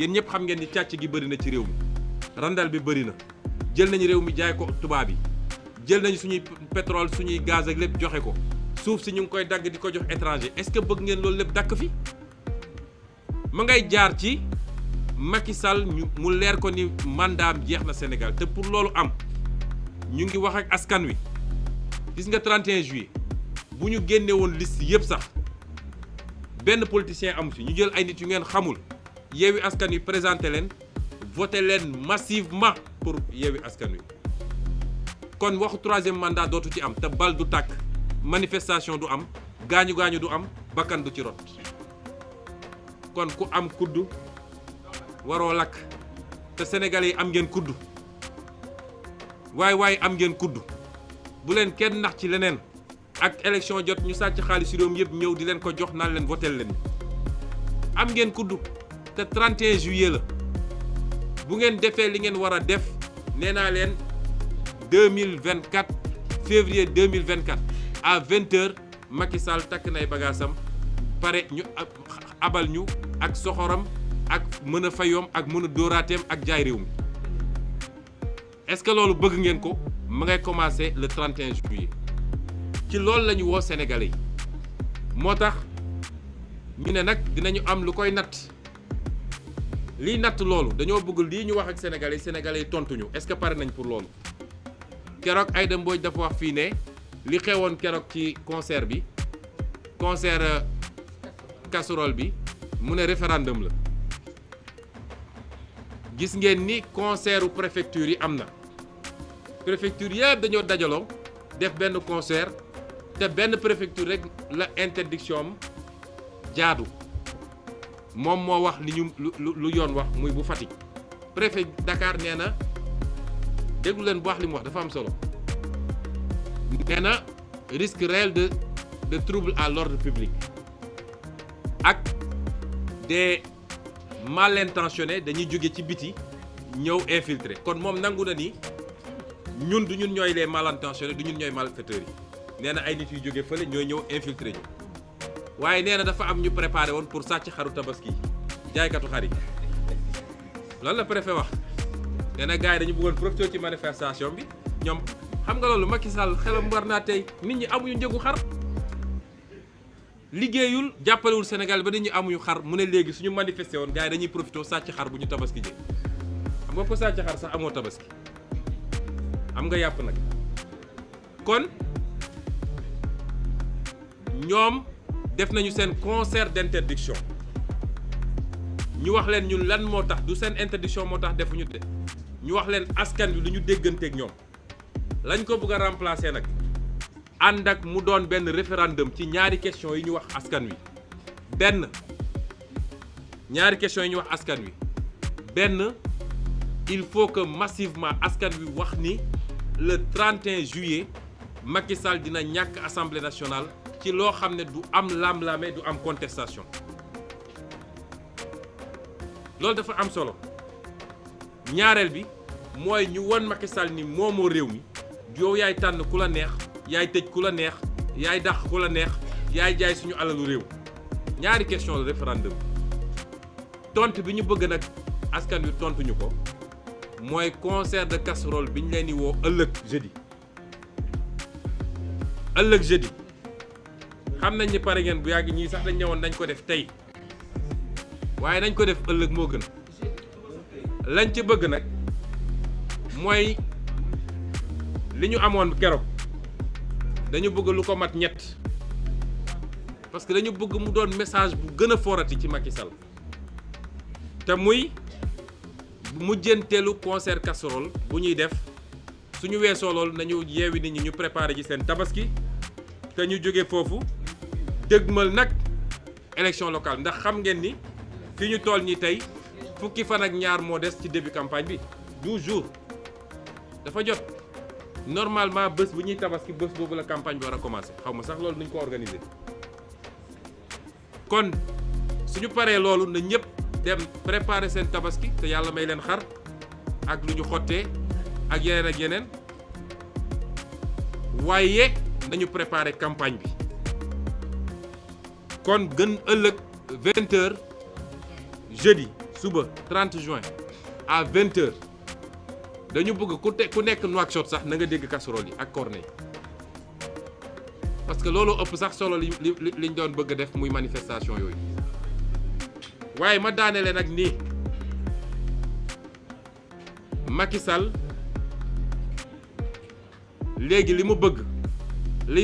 yéen ñëpp xam ngeen ni càcc gi bëri na ci réew mi randal bi bëri na jël nañu réew mi jaay ko tubaab yi jël nañu suñuy pétrole suñuy gaz ak lépp joxe ko suuf si ñu ngi koy dagg di ko jox étranger est-ce que bëgg ngeen loolu lépp dakk fi ma ngay jaar ci Macky Sall ñu mu leer ko ni mandaam jeex na senegal te pour loolu am ñu ngi wax ak askan wi gis nga 31 jui bu ñu génne list liste yëpp sax benn politicien amu fi ñu jël ay nit yu ngeen xamul yewi Askan présenté massivement pour yewi Askan kon waxu troisième mandat dootu ci am te bal du tak manifestation du am gañu gañu du am du ci rot kon ku am kudd waro lak sénégalais am ngeen kudd way way am ngeen kudd bu len kenn nax ci lenen ak élection jot ñu sacc di ko jox le 31 juillet la bu ngeen defee li ngeen war def vous naa 2024 février 2024 à 20h Macky Sall takk nay pare ñu abal ñu ak soxoram ak mëna fayom ak mëna a ak jaay est-ce que lolu bëgg ngeen ko ma ngay commencer le 31 juillet ci lolu lañu wo sénégalais motax moo tax ñu ne dinañu am lu koy natt. lii natt loolu dañoo bëgg lii ñu wax ak sénégalais sénégalais tontuñu est-ce que pare nañ pour loolu keroog Aïda Mbodj dafa wax fii ne li xewoon keroog ci concert bi concert euh, casserole bi mu ne référendum la gis ngeen ni concert u yi am na préfecture yëpp dañoo dajaloo def benn concert te benn préfecture rek la interdiction am jaadu mom mo wax li ñu lu yoon wax muy bu Fatick préfet Dakar néna na déglu leen bu wax li mu wax dafa am solo néna risque réel de de trouble à l'ordre public ak des mal intentionnés dañuy joggé ci biti ñëw infiltrer kon mom nangu na ni ñun du ñun ñoy les mal intentionnés du ñun ñoy malfaiteurs yi ay nit yu joggé feulé ñoy ñëw infiltrer ñu. waye neena dafa am ñu préparé won pour sacc xaru tabaski jaay katu xari loolu la préfet wax nee gaay dañu bëggoon profité ci manifestation bi ñom xam nga loolu Macky Sall xelam warna tay nit ñi amuñu njëgu xar liggéeyul jàppalewul Sénégal ba nit ñi amuñu xar mu ne légui suñu manifesté won gaay dañuy profito sacc xar bu ñu tabaski jé xam nga ko sacc xar sax amo tabaski am nga yap nak kon ñom def nañu sen concert d'interdiction ñu wax leen ñun lan motax du sen interdiction motax tax ñu de ñu wax leen askan bi luñu ñu ak ñom lañ ko bëgg a remplacer nak andak mu doon ben référendum ci ñaari question yi ñu wax askan wi ben ñaari question yi ñu wax askan wi ben il faut que massivement askan wi wax ni le 31 juillet Macky Sall dina ñak assemblée nationale ci lo xamné du am lam lamé du am contestation de dafa am solo ñaarel bi moy ñu won Macky ni momo mi yaay kula neex yaay tej kula neex yaay dakh kula neex yaay jaay suñu alalu ñaari question le référendum bëgg concert de casserole a jeudi jeudi xam nañ ni pare ngeen bu yàgg ñii sax dañ ñëwoon nañ ko def tey waaye dañ ko def ëllëg moo gën lañ ci bëgg nag mooy li ñu amoon keroog dañu bëgg lu ko mat ñett parce que dañu bëgg mu doon message bu gën a forati ci Macky Sall te muy mujjanteelu concert casserole bu ñuy def suñu weesoo loolu nañu yeewi nit ñi ñu préparé ji seen tabaski te ñu jóge foofu dëgmal nak élection locale ndax xam ngeen ni fi ñu toll nii tey fukki fan ak ñaar mo dess ci début campagne bi 12 jours dafa jot normalement bés bu ñuy tabaski bés bobu la campagne bi war commencer xawma sax loolu nuñ ko organiser kon suñu paré loolu na ñëpp dem préparer sen tabaski te yalla may leen xar ak luñu xotté ak yeneen ak yeneen wayé nañu préparer campagne bi kon gën ëlëk 20 jeudi 30 juin à 20 h dañu bëgg ku ku nekk sax casserole cornet parce que loolu ëpp sax solo li liñ doon bëgg def manifestation yooyu waaye ma daanele nag Macky Sall léegi li bëgg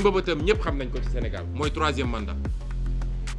mbëbëtam ñëpp xam troisième mandat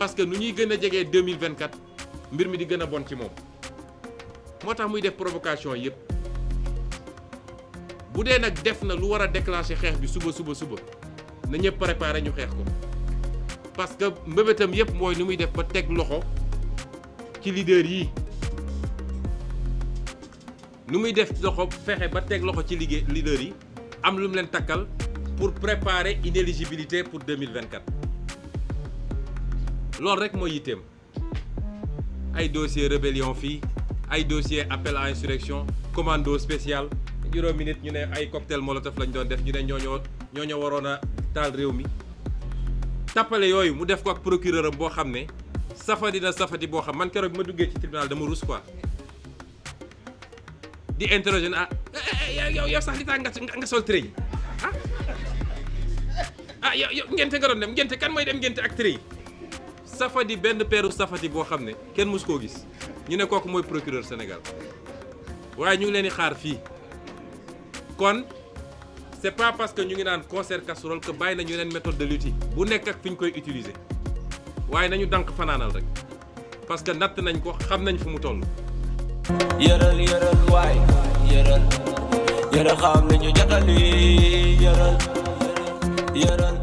parce que nous sommes 2024 nous mi bon ci muy def provocation déclencher préparer parce que nous avons mooy nu muy def leader yi nu def loxo fexé ba loxo ci leader pour préparer inéligibilité pour 2024 il rek a des dossiers dossier rébellion des dossiers dossier appel à insurrection commando spécial minute ñu a cocktail molotov lañ doon def ñu a taal réew mi ont été mu def ko procureur safadi safadi xam man bi ma tribunal de rus quoi di interroger eh, eh, yow sax li nga trait ah, ah safadi benn peeru safadi boo xam ne kenn mos koo gis ñu ne kooku mooy procureur Sénégal waaye ñu ngi leen xaar fii kon c'est pas parce que ñu ngi naan concert casserole que bàyyi nañu leen méthode de lutte bu nekk ak fi ñu koy utiliser waaye nañu dank fanaanal rek parce que natt nañ ko xam nañ fu mu toll. yëral yëral waay yëral yëral xam nañu jotali yëral yëral.